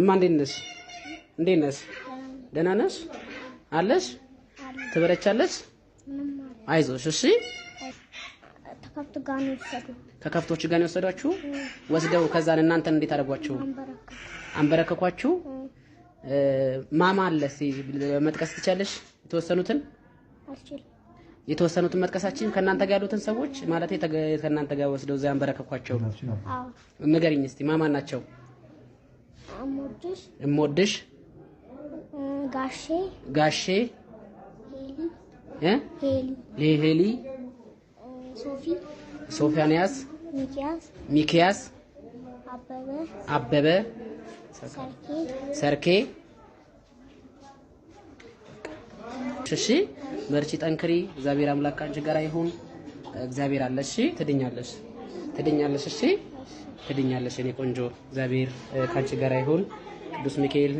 እማ እንዴት ነሽ? እንዴት ነሽ? ደህና ነሽ? አለሽ? ትበረቻለሽ? አይዞሽ። እሺ። ከከብቶች ጋር ነው የወሰዷችሁ? ወስደው ከዛን እናንተን እንዴት አደረጓችሁ? አንበረከኳችሁ? ማማ አለ መጥቀስ ትቻለሽ? የተወሰኑትን የተወሰኑትን መጥቀሳችን ከእናንተ ጋር ያሉትን ሰዎች ማለት ከእናንተ ጋር ወስደው እዚያ አንበረከኳቸው? ንገሪኝ እስቲ ማማን ናቸው? እምወድሽ ጋሼ ጋሼ ሄሊ ሶፊ ሶፊያንያስ ሚኪያስ አበበ ሰርኬ እሺ መርቺ ጠንክሪ እግዚአብሔር አምላክ አንቺ ጋር ይሁን እግዚአብሔር አለሽ ትድኛለሽ ትድኛለሽ። እሺ ትድኛለሽ፣ እኔ ቆንጆ። እግዚአብሔር ካንቺ ጋር ይሁን። ቅዱስ ሚካኤል